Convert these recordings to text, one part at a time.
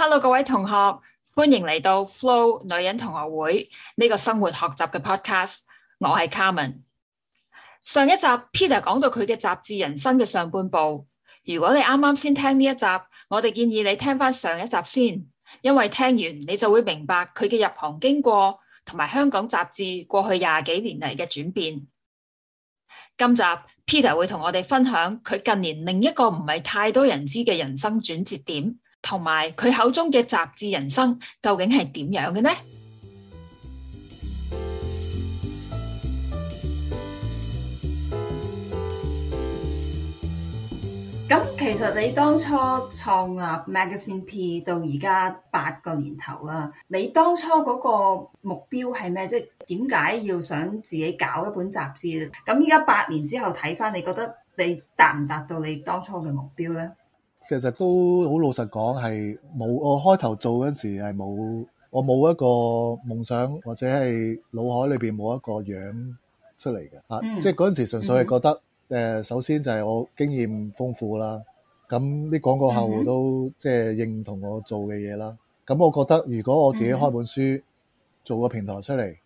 Hello，各位同學，歡迎嚟到 Flo 女人同學會呢個生活學習嘅 podcast。我係 Carmen。上一集 Peter 講到佢嘅雜誌人生嘅上半部。如果你啱啱先聽呢一集，我哋建議你聽翻上一集先，因為聽完你就會明白佢嘅入行經過同埋香港雜誌過去廿幾年嚟嘅轉變。今集 Peter 會同我哋分享佢近年另一個唔係太多人知嘅人生轉折點。同埋佢口中嘅雜誌人生究竟係點樣嘅呢？咁其實你當初創立 Magazine P 到而家八個年頭啦，你當初嗰個目標係咩？即係點解要想自己搞一本雜誌？咁而家八年之後睇翻，你覺得你達唔達到你當初嘅目標呢？其實都好老實講，係冇我開頭做嗰陣時係冇，我冇一,一個夢想或者係腦海裏邊冇一個樣出嚟嘅。即係嗰陣時純粹係覺得，首先就係我經驗豐富啦。咁啲廣告客戶都即係認同我做嘅嘢啦。咁、mm -hmm. 我覺得如果我自己開本書、mm -hmm. 做個平台出嚟，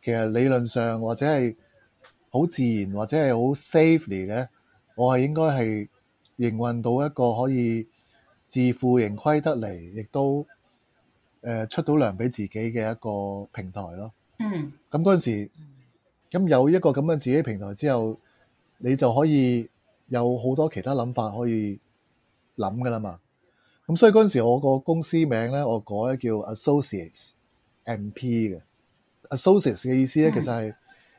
其實理論上或者係好自然或者係好 safely 咧，我係應該係。營運到一個可以自負盈虧得嚟，亦都誒出到糧俾自己嘅一個平台咯。嗯，咁嗰陣時，咁有一個咁樣的自己平台之後，你就可以有好多其他諗法可以諗噶啦嘛。咁所以嗰陣時我個公司名咧，我改咗叫 Associates MP 嘅 Associates 嘅意思咧，嗯，其實係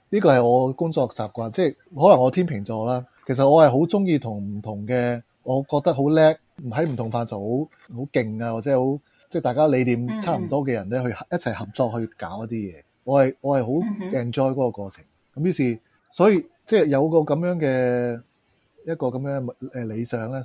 呢個係我工作習慣，即係可能我天秤座啦。其實我係好中意同唔同嘅，我覺得好叻，唔喺唔同範疇好好勁啊，或者好即係大家理念差唔多嘅人咧，mm -hmm. 去一齊合作去搞一啲嘢。我係我係好 enjoy 嗰個過程。咁、mm -hmm. 於是，所以即係有個咁樣嘅一個咁樣嘅誒理想咧。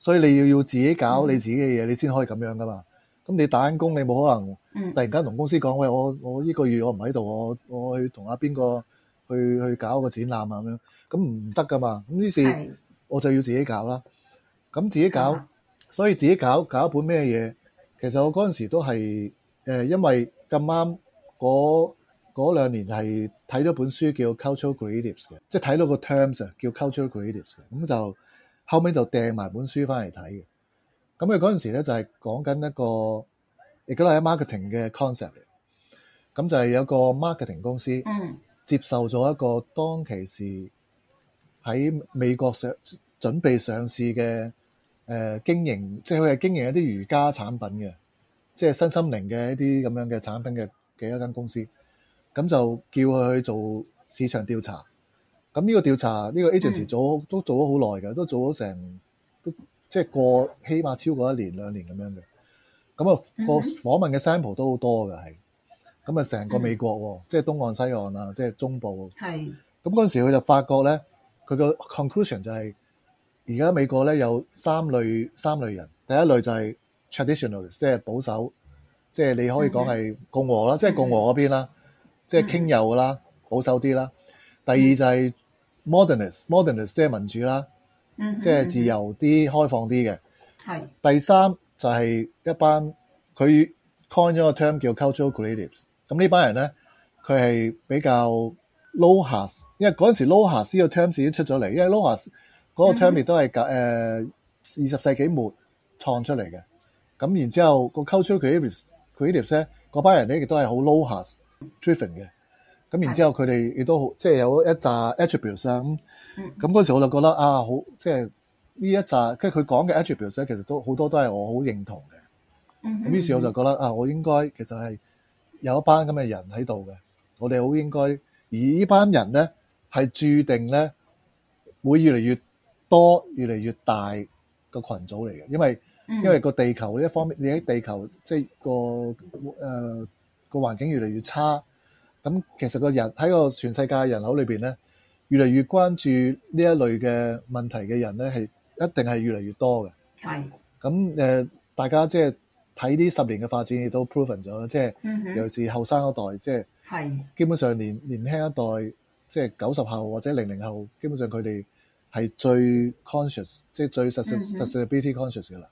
所以你要要自己搞你自己嘅嘢，mm -hmm. 你先可以咁樣噶嘛。咁你打緊工，你冇可能突然間同公司講、mm -hmm. 喂，我我呢個月我唔喺度，我我去同阿邊個？去去搞個展覽啊，咁樣咁唔得噶嘛。咁於是我就要自己搞啦。咁自己搞，所以自己搞搞一本咩嘢？其實我嗰陣時都係誒，因為咁啱嗰嗰兩年係睇咗本書叫 Cultural Creatives 嘅，即係睇到個 terms 叫 Cultural Creatives 嘅。咁就後尾就掟埋本書翻嚟睇嘅。咁佢嗰陣時咧就係、是、講緊一個亦都係 marketing 嘅 concept 嚟。咁就係有個 marketing 公司。嗯接受咗一個當其時喺美國上準備上市嘅誒經營，即係佢係經營一啲瑜伽產品嘅，即係新心靈嘅一啲咁樣嘅產品嘅嘅一間公司，咁就叫佢去做市場調查。咁呢個調查呢個 agency 做都做咗好耐嘅，都做咗成都即係過起碼超過一年兩年咁樣嘅。咁啊個訪問嘅 sample 都好多嘅係。咁啊！成個美國喎、嗯，即係東岸、西岸啊，即係中部。係咁嗰陣時，佢就發覺咧，佢個 conclusion 就係而家美國咧有三類三類人。第一類就係 traditionals 即係保守，即係你可以講係共和啦，即係、就是、共和嗰邊啦，即係、就是、傾右啦，保守啲啦。第二就係 modernist，modernist 即係民主啦，即係、就是、自由啲、開放啲嘅。係第三就係一班佢 coin 咗個 term 叫 cultural creatives。咁呢班人咧，佢係比較 LOHAS，因為嗰陣時 LOHAS 呢個 term 已經出咗嚟，因為 LOHAS 嗰個 term 都係誒二十世紀末創出嚟嘅。咁、mm -hmm. 然之後個 culture creative 咧，嗰班人咧亦、mm -hmm. 都係好 LOHAS driving 嘅。咁然之後佢哋亦都好，即係有一紮 attributes 啊。咁咁嗰時我就覺得啊，好即係呢一紮，即係佢講嘅 attributes 咧，其實都好多都係我好認同嘅。咁於是我就覺得啊，我應該其實係。有一班咁嘅人喺度嘅，我哋好應該，而呢班人咧，係注定咧會越嚟越多、越嚟越大個群組嚟嘅，因為、嗯，因為個地球呢一方面，你喺地球即係個誒、呃、個環境越嚟越差。咁其實個人喺個全世界人口裏邊咧，越嚟越關注呢一類嘅問題嘅人咧，係一定係越嚟越多嘅。係，咁誒，大家即係。睇呢十年嘅發展亦都 proven 咗啦，即、就、係、是、尤其是後生一代，即係基本上年年輕一代，即係九十後或者零零後，基本上佢哋係最 conscious，即係最實實實質 beauty conscious 㗎喇。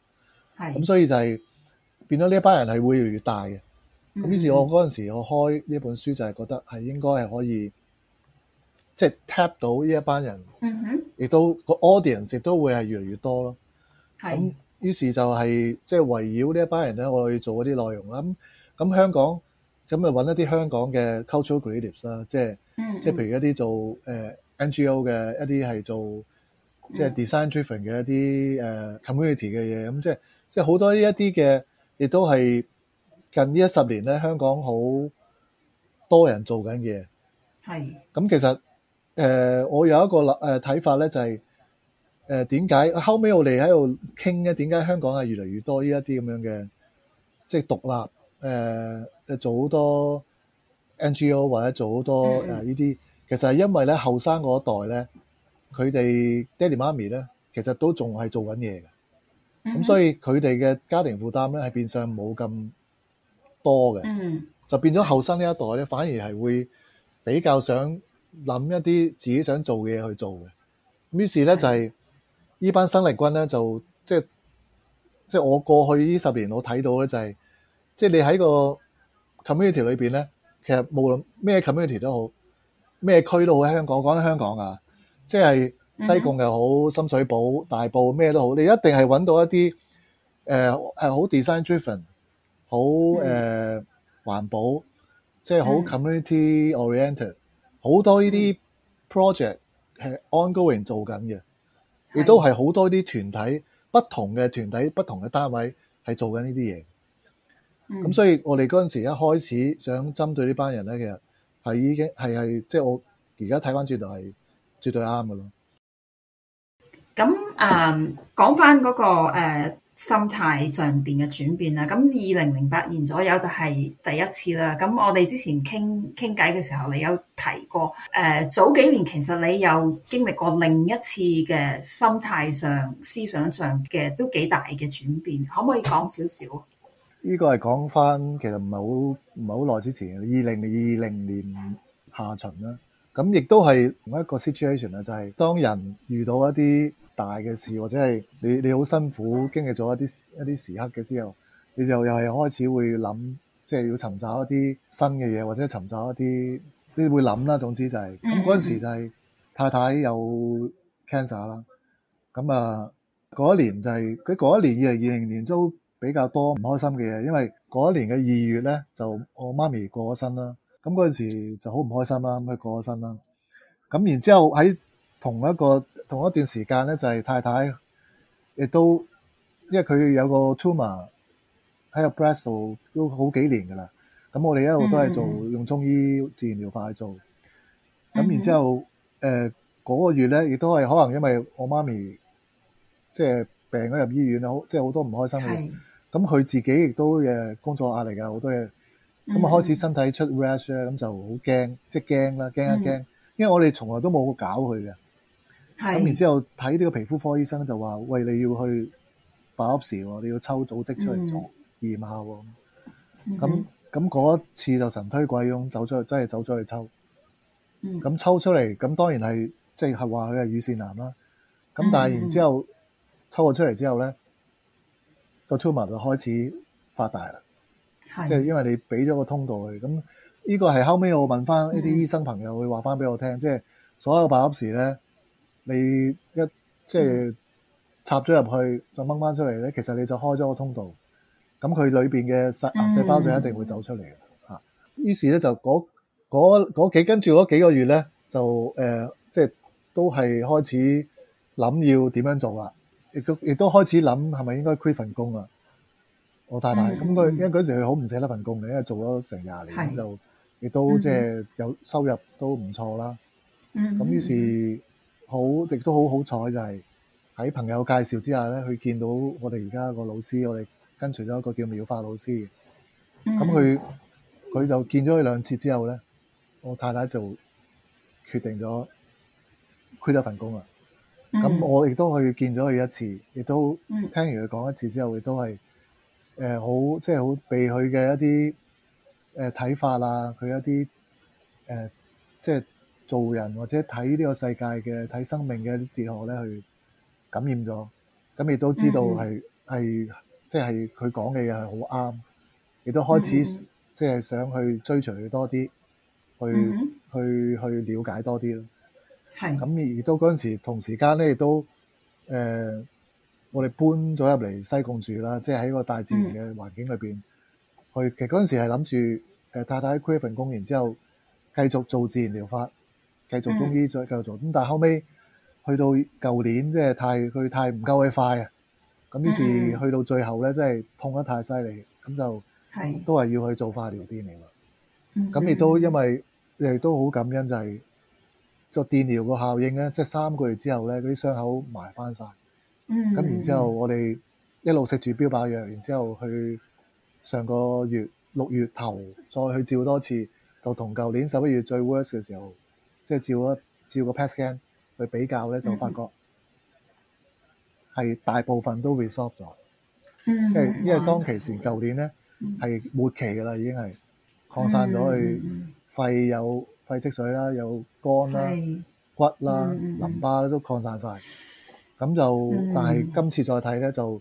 係咁，所以就係、是、變咗呢一班人係會越嚟越大嘅。咁、mm -hmm. 於是，我嗰陣時我開呢本書就係覺得係應該係可以即係、就是、tap 到呢一班人，亦、mm -hmm. 都個 audience 亦都會係越嚟越多咯。係、mm -hmm.。於是就係即係圍繞呢一班人咧，我去做一啲內容啦。咁咁香港咁就揾一啲香港嘅 cultural creatives 啦，即係即係譬如一啲做 NGO 嘅、嗯、一啲係做即係 design driven 嘅一啲 community 嘅嘢。咁即係即係好多呢一啲嘅，亦都係近呢一十年咧，香港好多人做緊嘅嘢。係。咁其實誒，我有一個誒睇法咧、就係，就係。誒，點解後尾我哋喺度傾咧？點解香港係越嚟越多呢一啲咁樣嘅，即係獨立誒誒、呃，做好多 N G O 或者做好多誒呢啲？Mm -hmm. 其實係因為咧後生嗰一代咧，佢哋爹哋媽咪咧，其實都仲係做緊嘢嘅。咁、mm -hmm. 所以佢哋嘅家庭負擔咧係變相冇咁多嘅，mm -hmm. 就變咗後生呢一代咧，反而係會比較想諗一啲自己想做嘅嘢去做嘅。於是咧、mm -hmm. 就係、是。呢班生力軍咧，就即係即係我過去呢十年我睇到咧、就是，就係即係你喺個 community 裏邊咧，其實無論咩 community 都好，咩區都好，喺香港講緊香港啊，即係西貢又好、mm -hmm. 深水埗、大埔咩都好，你一定係揾到一啲誒誒、呃、好 design-driven，好誒環、呃、保，即、就、係、是、好 community-oriented，好、mm -hmm. 多呢啲 project 係 ongoing 做緊嘅。亦都係好多啲團體，不同嘅團體，不同嘅單位係做緊呢啲嘢。咁、嗯、所以我哋嗰陣時一開始想針對這呢班人咧，其實係已經係係，即係、就是、我而家睇翻轉頭係絕對啱嘅咯。咁誒，講翻嗰個、uh, 心態上邊嘅轉變啦，咁二零零八年左右就係第一次啦。咁我哋之前傾傾偈嘅時候，你有提過誒早幾年其實你有經歷過另一次嘅心態上、思想上嘅都幾大嘅轉變，可唔可以講少少？呢個係講翻，其實唔係好唔係好耐之前，二零二零年下旬啦。咁亦都係同一個 situation 啊，就係當人遇到一啲大嘅事，或者係你你好辛苦，經歷咗一啲一啲時刻嘅之後，你就又係開始會諗，即係要尋找一啲新嘅嘢，或者尋找一啲，你會諗啦。總之就係咁，嗰陣時就係太太有 cancer 啦。咁啊嗰一年就係佢嗰一年二零二零年都比較多唔開心嘅嘢，因為嗰一年嘅二月咧就我媽咪過咗身啦。咁嗰陣時就好唔開心啦，咁佢過咗身啦。咁然之後喺同一個同一段時間咧，就係、是、太太亦都，因為佢有個 tumor 喺個 breast 度，都好幾年㗎啦。咁我哋一路都係做、mm -hmm. 用中醫自然療法去做。咁然之後，誒、mm、嗰 -hmm. 呃嗰個月咧，亦都係可能因為我媽咪即係、就是、病咗入醫院啦，好即係好多唔開心嘅。咁、mm、佢 -hmm. 自己亦都誒工作壓力嘅好多嘢咁啊，開始身體出 rash 咧，咁就好、是、驚，即係驚啦，驚一驚。因為我哋從來都冇搞佢嘅。咁然之後睇呢個皮膚科醫生就話，喂，你要去 biopsy，你要抽組織出嚟做驗下。咁咁嗰一次就神推鬼擁，走咗，真係走咗去抽。咁、嗯、抽出嚟，咁當然係即係話佢係乳腺癌啦。咁、就是、但係然後、嗯、過之後抽咗出嚟之後咧，個、嗯、tumor 就開始發大啦。即係、就是、因為你俾咗個通道去。咁呢個係後尾我問翻一啲醫生朋友，嗯、會話翻俾我聽，即、就、係、是、所有 biopsy 咧。你一即係插咗入去，再掹翻出嚟咧，其實你就開咗個通道。咁佢裏邊嘅細癌細胞就一定會走出嚟嘅吓。於是咧就嗰嗰嗰幾跟住嗰幾個月咧，就誒即係都係開始諗要點樣做啦。亦亦都開始諗係咪應該 quit 份工啊？我太太咁佢因為嗰時佢好唔捨得份工嚟，因為做咗成廿年就亦都即係有收入都唔錯啦。咁於是。好，亦都好好彩，就係，喺朋友介紹之下咧，佢見到我哋而家個老師，我哋跟隨咗一個叫妙化老師。咁佢佢就見咗佢兩次之後咧，我太太就決定咗佢 u 咗份工啦。咁、mm -hmm. 我亦都去見咗佢一次，亦都聽完佢講一次之後，亦都係誒、呃、好，即係好被佢嘅一啲誒睇法啦、啊，佢一啲誒即係。呃就是做人或者睇呢個世界嘅睇生命嘅一啲哲學咧，去感染咗咁，亦都知道係係即係佢講嘅嘢係好啱，亦都開始即係想去追隨佢多啲、mm -hmm. 去去去了解多啲咯。係咁，亦都嗰陣時同時間咧，亦都誒、呃、我哋搬咗入嚟西貢住啦，即係喺個大自然嘅環境裏邊，mm -hmm. 去。其實嗰陣時係諗住誒太太喺 quit 份工然之後繼續做自然療法。繼續中醫，再繼續做咁，但係後尾去到舊年，即係太佢太唔夠佢快啊。咁於是去到最後咧，即係痛得太犀利，咁就都係要去做化療電療。咁亦都因為亦都好感恩，就係、是、做電療個效應咧，即、就、係、是、三個月之後咧，嗰啲傷口埋翻晒。咁然之後我哋一路食住標靶藥，然之後去上個月六月頭再去照多次，就同舊年十一月最 worst 嘅時候。即、就、係、是、照，照個照 past scan 去比較咧，就發覺係大部分都 resolve 咗。嗯，因為因為當其時舊、嗯、年咧係末期㗎啦，已經係擴散咗去、嗯、肺有肺積水啦，有肝啦、骨啦、淋巴都擴散晒。咁就但係今次再睇咧，就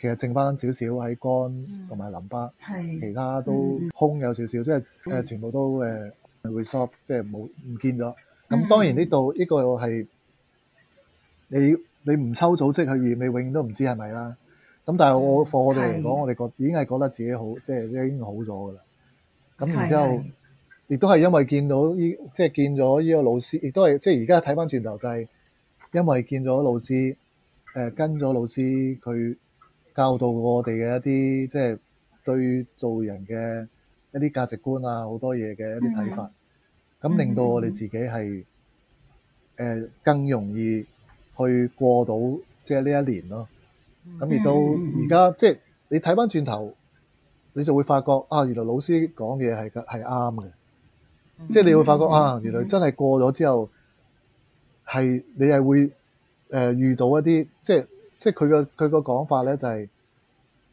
其實剩翻少少喺肝同埋淋巴，其他都空有少少，即係、就是、全部都 Resort 即係冇唔見咗，咁當然呢度呢個係你你唔抽組織去驗，你永遠都唔知係咪啦。咁但係我課、嗯、我哋嚟講，我哋覺已經係覺得自己好，即、就、係、是、已經好咗噶啦。咁然之後，亦都係因為見到即係、就是、見咗呢個老師，亦都係即係而家睇翻轉頭就係因為見咗老師，誒、呃、跟咗老師佢教導我哋嘅一啲即係對做人嘅。一啲價值觀啊，好多嘢嘅一啲睇法，咁令到我哋自己係誒、呃、更容易去過到即係呢一年咯。咁而到而家，即係你睇返轉頭，你就會發覺啊，原來老師講嘢係係啱嘅。Mm -hmm. 即係你會發覺啊，原來真係過咗之後，係你係會誒、呃、遇到一啲即係即係佢個佢個講法咧，就係、是、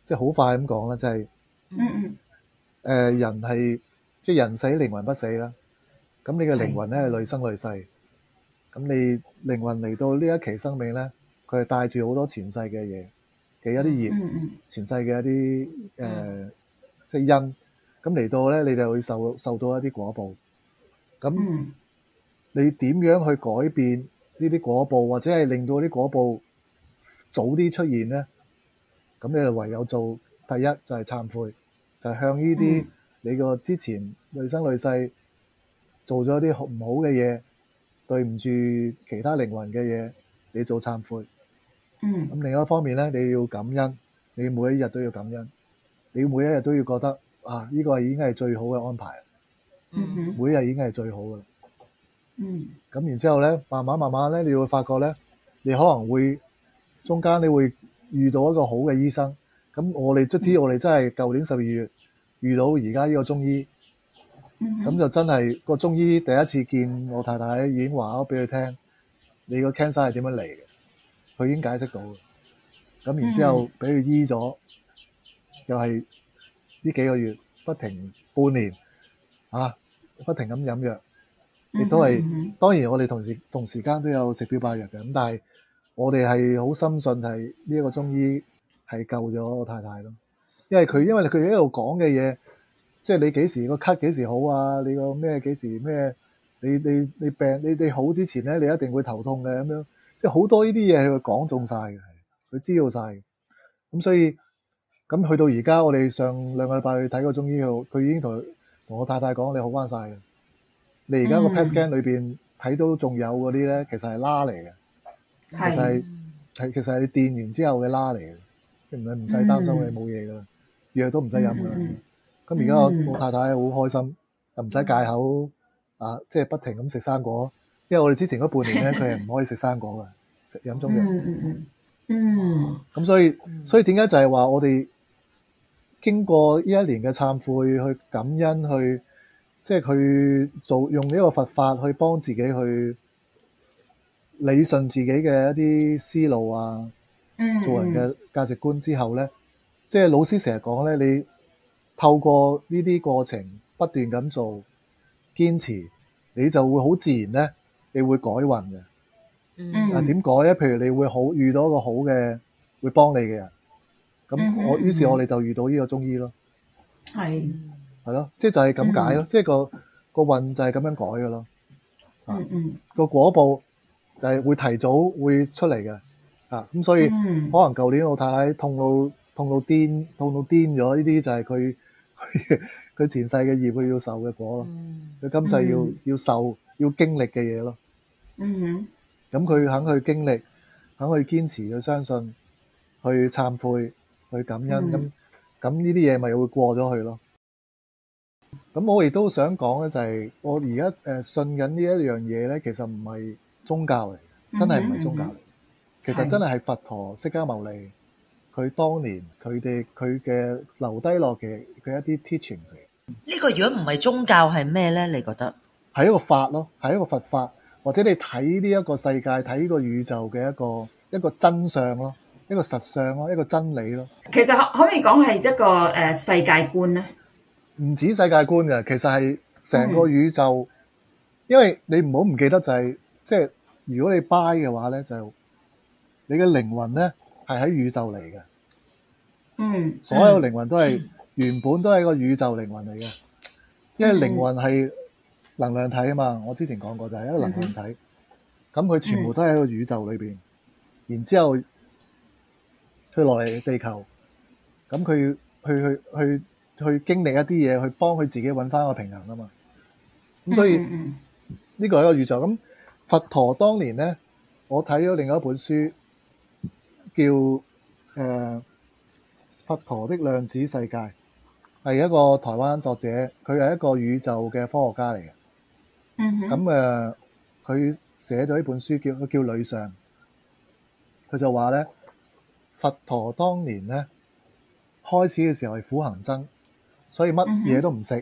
即係好快咁講啦，就係、是 mm -hmm. 誒，人係即係人死靈魂不死啦，咁你嘅靈魂咧係累生累世，咁你靈魂嚟到呢一期生命咧，佢係帶住好多前世嘅嘢嘅一啲業，mm -hmm. 前世嘅一啲誒即因，咁嚟到咧你就會受受到一啲果報，咁你點樣去改變呢啲果報，或者係令到啲果報早啲出現咧？咁你就唯有做第一就係懺悔。就向呢啲你個之前累生累世做咗啲唔好嘅嘢，對唔住其他靈魂嘅嘢，你做懺悔。嗯。咁另外一方面咧，你要感恩，你每一日都要感恩，你每一日都要覺得啊，呢、呢個已經係最好嘅安排。嗯。每一日已經係最好噶啦。嗯。咁然之後咧，慢慢慢慢咧，你會發覺咧，你可能會中間你會遇到一個好嘅醫生。咁我哋卒之，我哋真係舊年十二月遇到而家呢個中醫，咁就真係個中醫第一次見我太太已經話咗俾佢聽，你個 cancer 係點樣嚟嘅，佢已經解釋到嘅。咁然之後俾佢醫咗，又係呢幾個月不停半年，啊不停咁飲藥，亦都係當然我哋同時同時間都有食標靶藥嘅。咁但係我哋係好深信係呢一個中醫。係救咗我太太咯，因為佢因為佢一路講嘅嘢，即係你幾時個咳幾時好啊？你個咩幾時咩？你你你病你你好之前咧，你一定會頭痛嘅咁樣。即係好多呢啲嘢佢講中晒嘅，佢知道晒嘅。咁所以咁去到而家，我哋上兩個禮拜去睇個中醫，佢佢已經同同我太太講，你好翻晒嘅。你而家個 PET scan 裏邊睇到仲有嗰啲咧，其實係拉嚟嘅，其實係其實係電完之後嘅拉嚟嘅。唔使擔心，你冇嘢噶，藥都唔使飲噶。咁而家我太太好開心，mm -hmm. 又唔使戒口、mm -hmm. 啊！即、就、係、是、不停咁食生果，因為我哋之前嗰半年咧，佢係唔可以食生果噶，食飲中藥。嗯、mm、咁 -hmm. mm -hmm. 所以所以點解就係話我哋經過呢一年嘅懺悔、去感恩、去即係、就是、去做用呢個佛法去幫自己去理順自己嘅一啲思路啊，做人嘅價值觀之後咧，即係老師成日講咧，你透過呢啲過程不斷咁做堅持，你就會好自然咧，你會改運嘅。嗯，啊點改咧？譬如你會好遇到一個好嘅會幫你嘅人，咁我于、嗯嗯嗯、是我哋就遇到呢個中醫咯。係係咯，即係就係咁解咯，即係個個運就係咁樣改噶咯。嗯咯嗯，個、嗯、果報就係會提早會出嚟嘅。啊，咁所以可能舊年我太太痛到痛到癲，痛到癲咗，呢啲就係佢佢佢前世嘅業，佢要受嘅果咯，佢今世要要受要經歷嘅嘢咯。嗯哼，咁佢肯去經歷，肯去堅持，去相信，去懺悔，去感恩，咁咁呢啲嘢咪會過咗去咯。咁我亦都想講咧，就係我而家誒信緊呢一樣嘢咧，其實唔係宗教嚟嘅，真係唔係宗教嚟。其實真係係佛陀釋迦牟尼，佢當年佢哋佢嘅，留低落嘅佢一啲 teaching。呢個如果唔係宗教係咩呢？你覺得係一個法咯，係一個佛法，或者你睇呢一個世界睇呢個宇宙嘅一個一個真相咯，一個實相咯，一個真理咯。其實可，可以講係一個誒世界觀呢？唔止世界觀嘅。其實係成個宇宙，嗯、因為你唔好唔記得就係即係如果你拜嘅話呢，就。你嘅靈魂咧係喺宇宙嚟嘅，嗯，所有靈魂都係、嗯、原本都係個宇宙靈魂嚟嘅、嗯，因為靈魂係能量體啊嘛，我之前講過就係一個能量體，咁、嗯、佢全部都係喺個宇宙裏邊、嗯，然之後去落嚟地球，咁佢去去去去,去經歷一啲嘢，去幫佢自己揾翻個平衡啊嘛，咁所以呢個、嗯、係一個宇宙，咁佛陀當年咧，我睇咗另外一本書。叫誒、呃、佛陀的量子世界，係一個台灣作者，佢係一個宇宙嘅科學家嚟嘅。咁、嗯、誒，佢寫咗一本書叫佢叫呂上，佢就話咧佛陀當年咧開始嘅時候係苦行僧，所以乜嘢都唔食，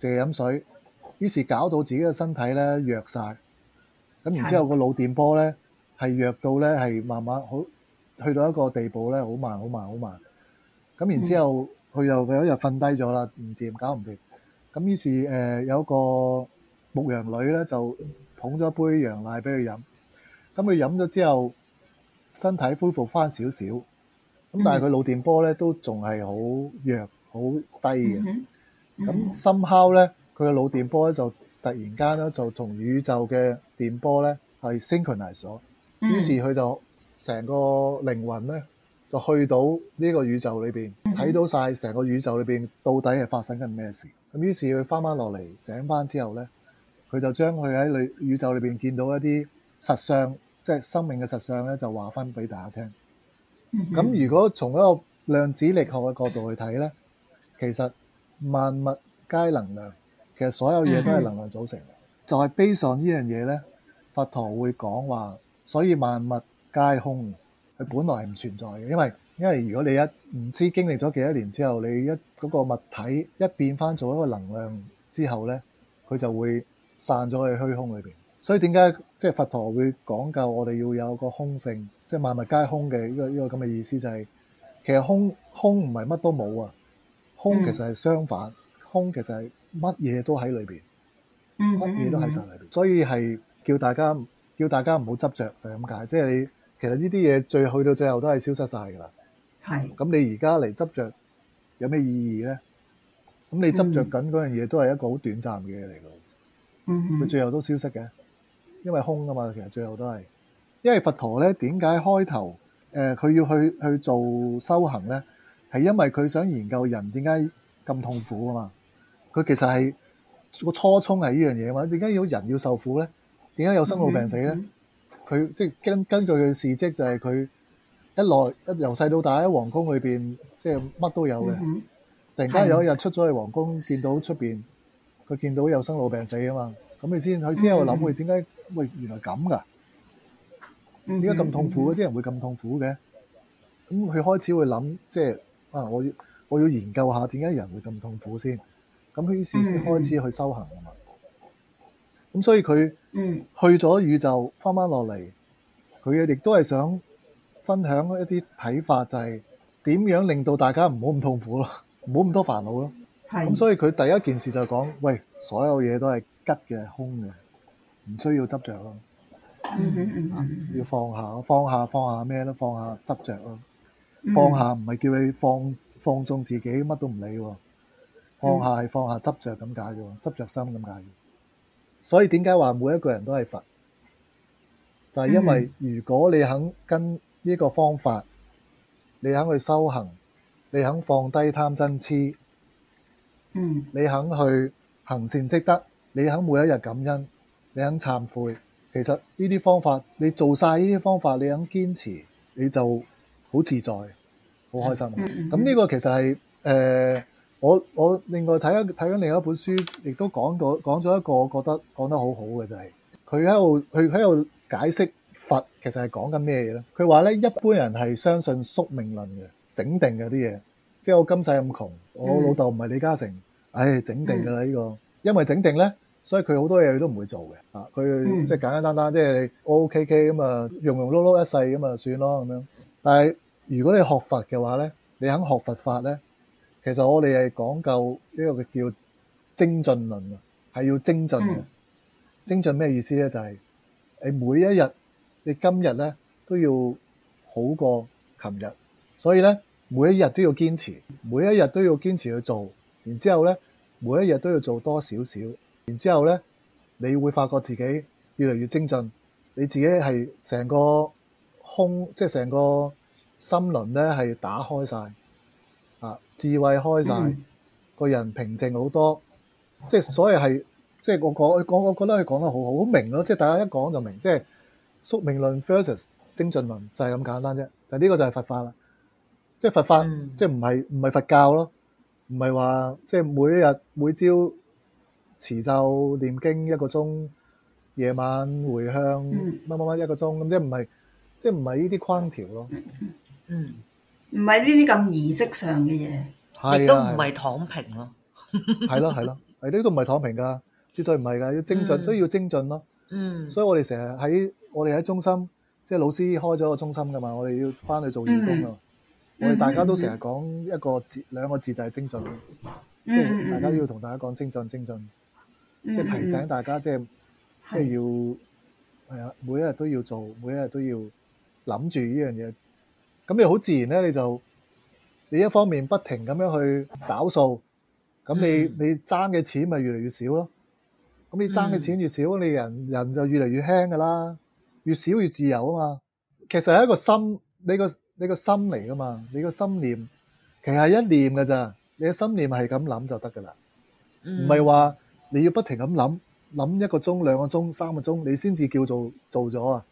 淨係飲水，於是搞到自己嘅身體咧弱晒，咁然之後個腦電波咧係弱到咧係慢慢好。去到一個地步咧，好慢，好慢，好慢。咁然之後，佢、mm、又 -hmm. 有一日瞓低咗啦，唔掂，搞唔掂。咁於是誒、呃、有個個牧羊女咧，就捧咗杯羊奶俾佢飲。咁佢飲咗之後，身體恢復翻少少。咁但係佢腦電波咧都仲係好弱、好低嘅。咁 somehow 咧，佢嘅腦電波咧就突然間咧就同宇宙嘅電波咧係 synchronised 咗。是 mm -hmm. 於是佢就。成個靈魂咧，就去到呢個宇宙裏面，睇到晒成個宇宙裏面到底係發生緊咩事。咁於是佢翻翻落嚟醒翻之後咧，佢就將佢喺宇宙裏面見到一啲實相，即係生命嘅實相咧，就話翻俾大家聽。咁如果從一個量子力學嘅角度去睇咧，其實萬物皆能量，其實所有嘢都係能量組成。就係 based on 呢樣嘢咧，佛陀會講話，所以萬物皆空，佢本來係唔存在嘅，因為因為如果你一唔知經歷咗幾多年之後，你一嗰、嗰個物體一變翻做一個能量之後咧，佢就會散咗去虛空裏邊。所以點解即係佛陀會講究我哋要有一個空性，即係萬物皆空嘅一、呢個一、呢個咁嘅、呢個、意思、就係，就係其實空空唔係乜都冇啊，空其實係相反、嗯，空其實係乜嘢都喺裏邊，乜、嗯、嘢、嗯、都喺曬裏邊。所以係叫大家叫大家唔好執著就咁解，即、就、係、係就係、你。其實呢啲嘢最去到最後都係消失晒噶啦，係。咁你而家嚟執着有咩意義咧？咁你執着緊嗰樣嘢都係一個好短暫嘅嘢嚟㗎。嗯、mm-hmm。佢最後都消失嘅，因為空啊嘛。其實最後都係，因為佛陀咧點解開頭誒佢、呃、要去去做修行咧？係因為佢想研究人點解咁痛苦啊嘛。佢其實係個初衷係呢樣嘢啊嘛。點解要人要受苦咧？點解有生老病死咧？Mm-hmm. 佢即係根根據佢事跡，就係佢一來一由細到大喺皇宮裏面，即係乜都有嘅，嗯。突然間有一日出咗去皇宮，見到出面，佢見到有生老病死啊嘛。咁佢先，佢先喺度諗，喂，點解喂，原來咁噶？點解咁痛苦？啲人會咁痛苦嘅？咁佢開始會諗，即係啊，我要我要研究下點解人會咁痛苦先。咁佢於是先開始去修行啊嘛。嗯咁所以佢去咗宇宙，翻翻落嚟，佢亦都係想分享一啲睇法，就係點樣令到大家唔好咁痛苦咯，唔好咁多煩惱咯。咁所以佢第一件事就講，喂，所有嘢都係吉嘅空嘅，唔需要執着咯。嗯嗯嗯，要放下，放下放下咩都放下執着咯。放下唔係叫你放放縱自己，乜都唔理。放下係放下執着咁解嘅，執着心咁解所以點解話每一個人都係佛？就係因為如果你肯跟呢個方法，你肯去修行，你肯放低貪嗔痴，嗯，你肯去行善積德，你肯每一日感恩，你肯懺悔，其實呢啲方法，你做晒呢啲方法，你肯堅持，你就好自在，好開心。咁呢個其實係誒。呃我我另外睇緊睇緊另一本書，亦都講過講咗一個，我覺得講得好好嘅就係佢喺度佢喺度解釋佛其實係講緊咩嘢咧？佢話咧一般人係相信宿命論嘅整定嗰啲嘢，即係我今世咁窮，我老豆唔係李嘉誠，唉，整定噶啦呢個，因為整定咧，所以佢好多嘢佢都唔會做嘅啊！佢即係簡簡單單，即係你 O O K K 咁啊，庸庸碌碌一世咁啊算咯咁樣。但係如果你學佛嘅話咧，你肯學佛法咧？其實我哋係講究呢個叫精進論啊，係要精進嘅。精進咩意思呢？就係、是、你每一日，你今日呢都要好過琴日，所以呢，每一日都要堅持，每一日都要堅持去做，然之後呢每一日都要做多少少，然之後呢你會發覺自己越嚟越精進，你自己係成個胸，即係成個心輪呢係打開晒。智慧開晒，個人平靜好多，即係所以係，即係我講講，我覺得佢講得好好好明咯，即係大家一講就明，即係宿命論 versus 精進論就係咁簡單啫。就呢個就係佛法啦，即係佛法，即係唔係唔係佛教咯，唔係話即係每一日每朝持咒唸經一個鐘，夜晚回向乜乜乜一個鐘咁啫，唔係即係唔係呢啲框條咯。嗯。唔係呢啲咁儀式上嘅嘢，亦都唔係躺平咯。係咯係咯，誒，呢度唔係躺平噶，絕對唔係噶，要精進，所以要精進咯。嗯。所以我哋成日喺我哋喺中心，即係老師開咗個中心噶嘛，我哋要翻去做義工噶。我哋大家都成日講一個字，兩個字就係精進。嗯。即係大家要同大家講精進，精進，即係提醒大家，即係即係要係啊！每一日都要做，每一日都要諗住呢樣嘢。咁你好自然咧，你就你一方面不停咁樣去找數，咁你你爭嘅錢咪越嚟越少咯。咁你爭嘅錢越少，你人人就越嚟越輕噶啦。越少越自由啊嘛。其實係一個心，你個你個心嚟噶嘛。你個心念，其實係一念噶咋。你嘅心念係咁諗就得噶啦，唔係話你要不停咁諗，諗一個鐘、兩個鐘、三個鐘，你先至叫做做咗啊。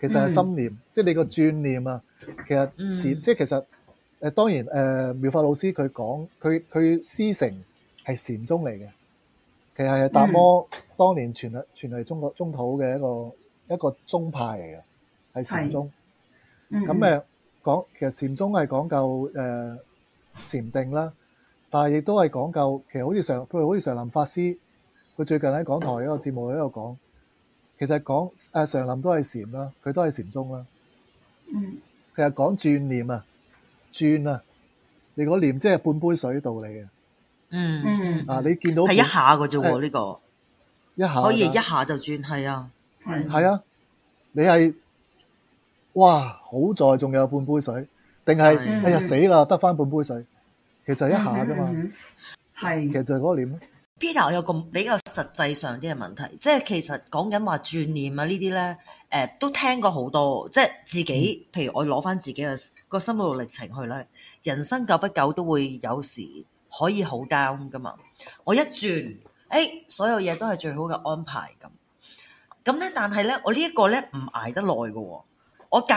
其實係心念，即係你個轉念啊。其實禪即係其實誒，當然誒、呃，妙法老師佢講佢佢師承係禪宗嚟嘅。其實係達摩當年傳嚟傳、嗯、中國中土嘅一個一個宗派嚟嘅，係禪宗。咁誒講其實禪宗係講究誒、呃、禪定啦，但係亦都係講究其實好似常，譬如好似常林法師，佢最近喺港台一個節目喺度講，其實講誒常林都係禪啦，佢都係禪宗啦。嗯。其實講轉念啊，轉啊，你嗰念即係半杯水道理啊，嗯嗯，啊你見到係一下嘅，啫喎呢個，一下可以一下就轉係啊，係啊，啊，你係，哇好在仲有半杯水，定係哎呀死啦得翻半杯水，其實係一下啫嘛，係、嗯，其實就係嗰念咯。Peter，我有個比較實際上啲嘅問題，即係其實講緊話轉念啊，呢啲咧誒都聽過好多。即係自己，譬如我攞翻自己嘅個心路歷程去咧，人生久不久都會有時可以好 down 噶嘛。我一轉，誒、哎、所有嘢都係最好嘅安排咁咁咧。但係咧，我呢一個咧唔捱得耐嘅。我隔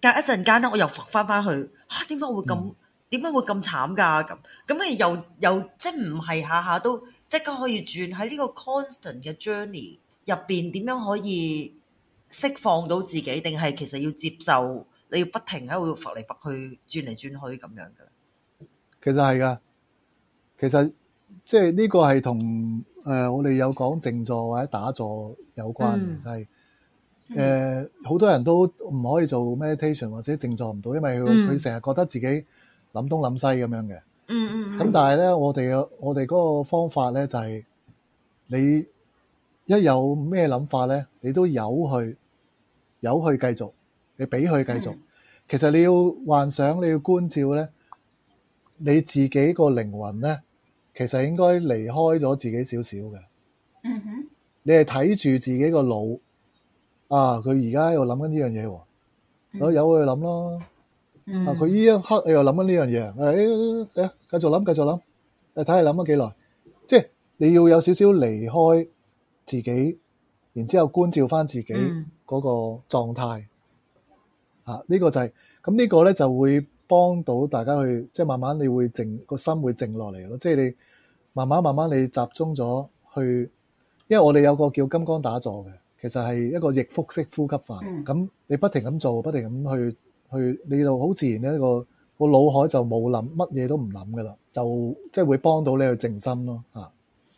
隔一陣間咧，我又復翻翻去吓點解會咁，點解會咁慘㗎？咁咁咧又又即係唔係下下都。即刻可以轉喺呢個 constant 嘅 journey 入面，點樣可以釋放到自己？定係其實要接受，你要不停喺度伏嚟伏去、轉嚟轉去咁樣嘅。其實係㗎，其實即係呢個係同、呃、我哋有講靜坐或者打坐有關嘅，係、嗯、好、就係呃嗯、多人都唔可以做 meditation 或者靜坐唔到，因為佢成日覺得自己諗東諗西咁樣嘅。嗯嗯，咁但係咧，我哋嘅我哋嗰個方法咧就係、是，你一有咩諗法咧，你都由佢由佢繼續，你俾佢繼續。其實你要幻想，你要觀照咧，你自己個靈魂咧，其實應該離開咗自己少少嘅。嗯哼，你係睇住自己個腦，啊，佢而家喺度諗緊呢樣嘢喎，我由佢諗咯。嗯、啊！佢依一刻又諗緊呢樣嘢，誒、哎、誒，繼、哎、續諗，繼續諗，誒睇下諗咗幾耐，即係、就是、你要有少少離開自己，然後之後觀照翻自己嗰個狀態，呢、嗯啊這個就係、是、咁呢個咧就會幫到大家去，即、就、係、是、慢慢你會靜個心會靜落嚟咯，即、就、係、是、你慢慢慢慢你集中咗去，因為我哋有個叫金剛打坐嘅，其實係一個逆腹式呼吸法，咁、嗯、你不停咁做，不停咁去。去你就好自然呢，個個腦海就冇諗乜嘢都唔諗噶啦，就即係會幫到你去靜心咯吓。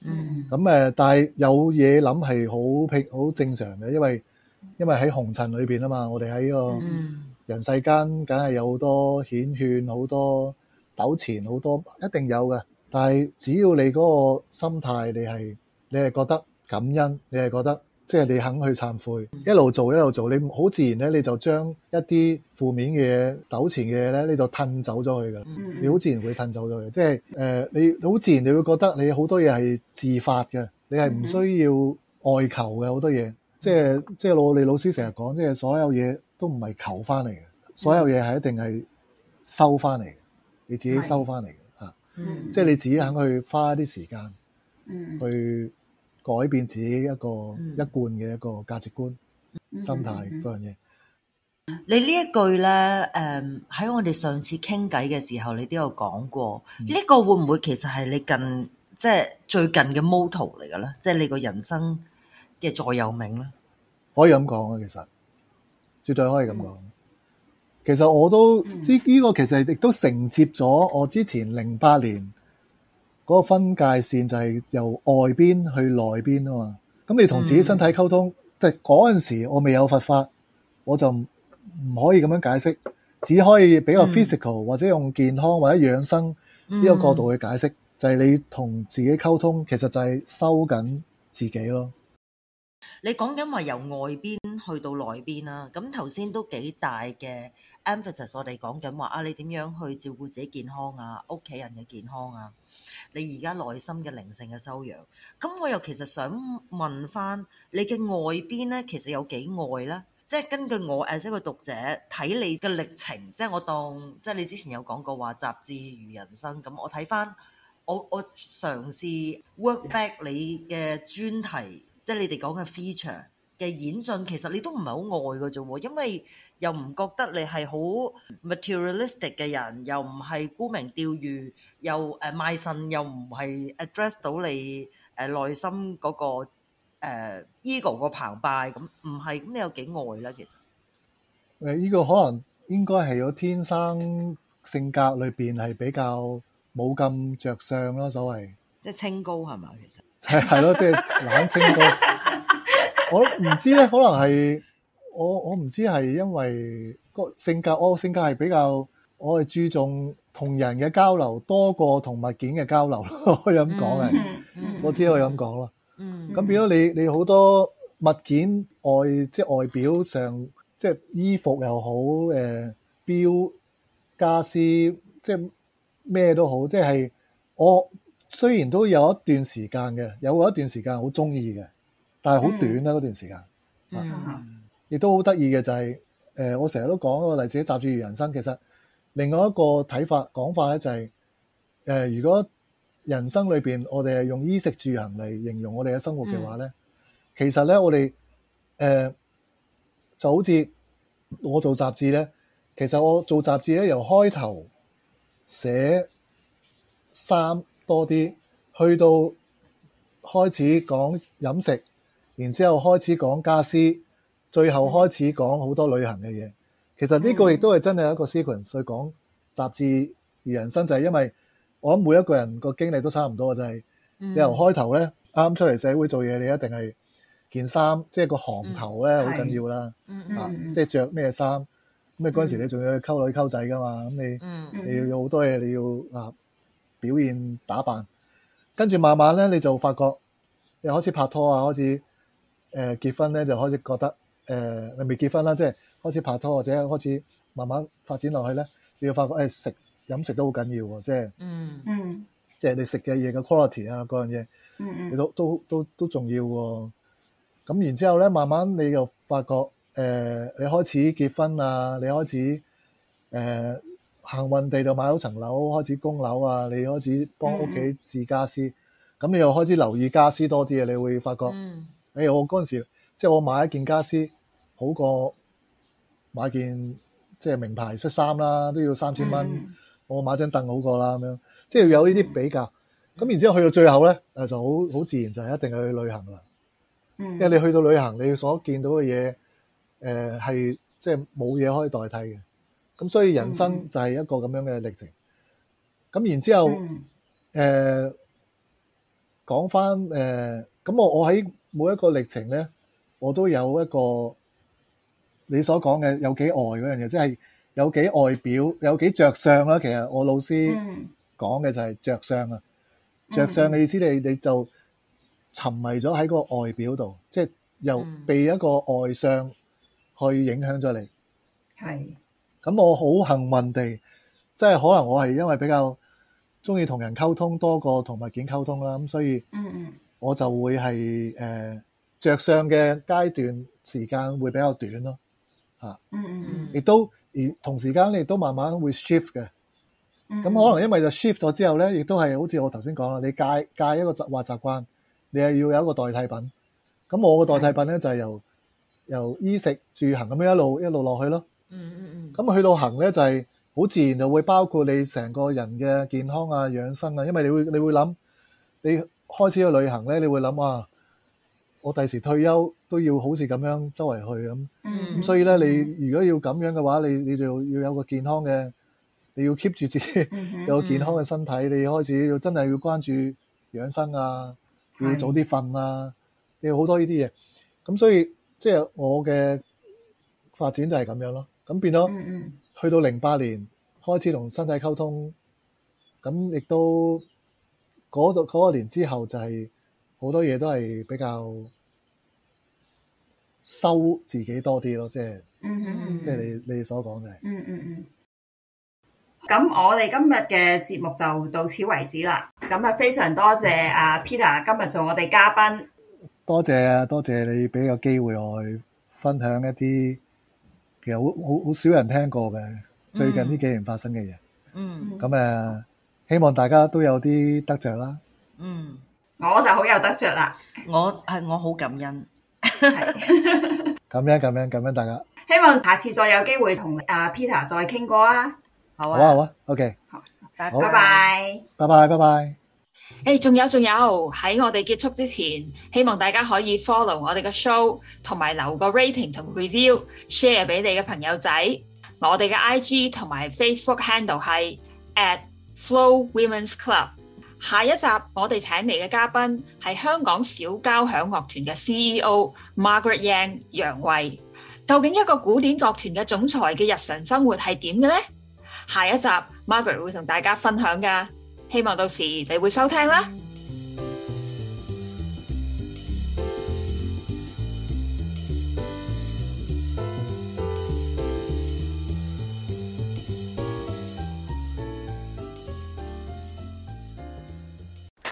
嗯。咁誒，但係有嘢諗係好平好正常嘅，因為因為喺紅塵裏邊啊嘛，我哋喺呢個人世間，梗係有好多險勸，好多糾纏，好多一定有嘅。但係只要你嗰個心態，你係你係覺得感恩，你係覺得。即係你肯去懺悔，一路做一路做，你好自然咧，你就將一啲負面嘅嘢、糾纏嘅嘢咧，你就褪走咗佢㗎。Mm -hmm. 你好自然會褪走咗佢，即係、呃、你好自然你會覺得你好多嘢係自發嘅，你係唔需要外求嘅好、mm -hmm. 多嘢。即係即係我哋老師成日講，即係所有嘢都唔係求翻嚟嘅，所有嘢係一定係收翻嚟嘅，你自己收翻嚟嘅吓，即係你自己肯去花一啲時間去。Mm -hmm. 改變自己一個一貫嘅一個價值觀、心態嗰樣嘢。你呢一句咧，誒，喺我哋上次傾偈嘅時候，你都有講過。呢、嗯，這個會唔會其實係你近即係最近嘅 motto 嚟嘅咧？即、就、係、是就是、你個人生嘅座右銘咧？可以咁講啊，其實絕對可以咁講、嗯。其實我都呢呢、嗯，這個其實亦都承接咗我之前零八年。嗰、那個分界線就係由外邊去內邊啊嘛，咁你同自己身體溝通，嗯、即係嗰陣時我未有佛法，我就唔可以咁樣解釋，只可以比較 physical、嗯、或者用健康或者養生呢個角度去解釋，嗯、就係、是、你同自己溝通，其實就係收緊自己咯。你講緊話由外邊去到內邊啦，咁頭先都幾大嘅 emphasis，我哋講緊話啊，你點樣去照顧自己健康啊，屋企人嘅健康啊，你而家內心嘅靈性嘅修養，咁我又其實想問翻你嘅外邊咧，其實有幾外咧？即係根據我作為讀者睇你嘅歷程，即係我當即係你之前有講過話雜誌如人生，咁我睇翻我我嘗試 work back 你嘅專題，即係你哋講嘅 feature。嘅演進，其實你都唔係好外嘅啫喎，因為又唔覺得你係好 materialistic 嘅人，又唔係沽名釣譽，又誒賣腎，又唔係 address 到你誒內心嗰個誒 ego 個澎湃咁，唔係咁你有幾外咧？其實誒呢個可能應該係我天生性格裏邊，係比較冇咁著相咯，所謂即係清高係嘛？其實係係咯，即係冷清高。我唔知咧，可能係我我唔知係因為個性格，我性格係比較我係注重同人嘅交流多過同物件嘅交流。我咁講嘅，我只可以咁講咯。咁變咗你你好多物件外即係外表上，即係衣服又好，誒表家私即係咩都好，即係我雖然都有一段時間嘅，有嗰一段時間好中意嘅。但係好短啦、啊、嗰段時間，亦、mm -hmm. 啊、都好得意嘅就係、是、誒、呃。我成日都講嗰個例子，《雜誌與人生》其實另外一個睇法講法咧，就係、是、誒、呃。如果人生裏面我哋係用衣食住行嚟形容我哋嘅生活嘅話咧，mm -hmm. 其實咧我哋誒、呃、就好似我做雜誌咧，其實我做雜誌咧由開頭寫衫多啲，去到開始講飲食。然之後開始講家私，最後開始講好多旅行嘅嘢。其實呢個亦都係真係一個 sequence。去講講雜誌而如人生，嗯、就係、是、因為我諗每一個人個經歷都差唔多嘅，就係你由開頭咧啱出嚟社會做嘢，你一定係件衫，即、就、係、是、個行頭咧好緊要啦、嗯嗯。啊，即係着咩衫？咁啊嗰陣時你仲要溝女溝仔噶嘛？咁你、嗯、你要有好多嘢你要啊表現打扮。跟住慢慢咧你就發覺，你開始拍拖啊，開始。誒結婚咧，就開始覺得誒你未結婚啦，即、就、係、是、開始拍拖或者開始慢慢發展落去咧，你要發覺誒食、哎、飲食都好緊要喎，即係嗯嗯，即、mm、係 -hmm. 你食嘅嘢嘅 quality 啊各樣嘢，你、mm -hmm. 都都都都重要喎。咁然之後咧，慢慢你又發覺誒、呃、你開始結婚啊，你開始誒、呃、行運地就買咗層樓，開始供樓啊，你開始幫屋企置家私，咁、mm -hmm. 你又開始留意家私多啲啊，你會發覺。Mm -hmm. 誒、哎，我嗰陣時即係我買一件家私好過買件即係、就是、名牌恤衫啦，都要三千蚊。我買張凳好過啦，咁樣即係要有呢啲比較。咁然之後去到最後咧，誒就好好自然就係、是、一定要去旅行啦、嗯。因為你去到旅行，你所見到嘅嘢誒係即係冇嘢可以代替嘅。咁所以人生就係一個咁樣嘅歷程。咁、嗯、然之後誒講翻誒，咁、嗯呃呃、我我喺。每一個歷程呢，我都有一個你所講嘅有幾外嗰樣嘢，即係有幾外表，有幾著相啦。其實我老師講嘅就係著相啊，著相嘅意思，你你就沉迷咗喺個外表度，即係由被一個外相去影響咗你。係。咁我好幸運地，即係可能我係因為比較鍾意同人溝通多過同物件溝通啦，咁所以。嗯嗯。我就會係誒着上嘅階段時間會比較短咯，嚇、mm -hmm.，亦都而同時間你亦都慢慢會 shift 嘅。咁、mm -hmm. 可能因為就 shift 咗之後咧，亦都係好似我頭先講啦，你戒戒一個習習慣，你係要有一個代替品。咁我個代替品咧、mm -hmm. 就係由由衣食住行咁樣一路一路落去咯。咁、mm -hmm. 去到行咧就係、是、好自然就會包括你成個人嘅健康啊、養生啊，因為你會你會諗你。開始去旅行咧，你會諗啊！我第時退休都要好似咁樣周圍去咁。咁、mm -hmm. 所以咧，你如果要咁樣嘅話，你你就要有個健康嘅，你要 keep 住自己、mm -hmm. 有個健康嘅身體。你開始要真係要關注養生啊，mm -hmm. 要早啲瞓啊，mm -hmm. 要好多呢啲嘢。咁所以即係、就是、我嘅發展就係咁樣咯。咁變咗去到零八年、mm -hmm. 開始同身體溝通，咁亦都。嗰個年之後就係好多嘢,都係比較收自己多啲咯，即係，嗯嗯，即係你你所講嘅，嗯嗯嗯。咁我哋今日嘅節目就到此為止啦。咁啊，非常多謝阿 Peter 今日做我哋嘉賓。多謝啊，多謝你俾個機會我去分享一啲其實好好好少人聽過嘅最近呢幾年發生嘅嘢。嗯。mm-hmm. mm-hmm. 咁啊。希望大家都有啲得着啦。嗯，我就好有得着啦。我係我好感恩。咁樣，咁樣，咁樣，大家希望下次再有機會同阿 Peter 再傾過啊。好啊，好啊，OK。好，拜拜，拜拜，拜拜。誒，仲有，仲有喺我哋結束之前，希望大家可以 follow 我哋嘅 show，同埋留個 rating 同 review，share 俾你嘅朋友仔。我哋嘅 IG 同埋 Facebook handle 係 at。Flow Women's Club，下一集我哋請嚟嘅嘉賓係香港小交響樂團嘅 CEO Margaret Yang 楊慧。究竟一個古典樂團嘅總裁嘅日常生活係點嘅呢？下一集 Margaret 會同大家分享噶，希望到時你會收聽啦。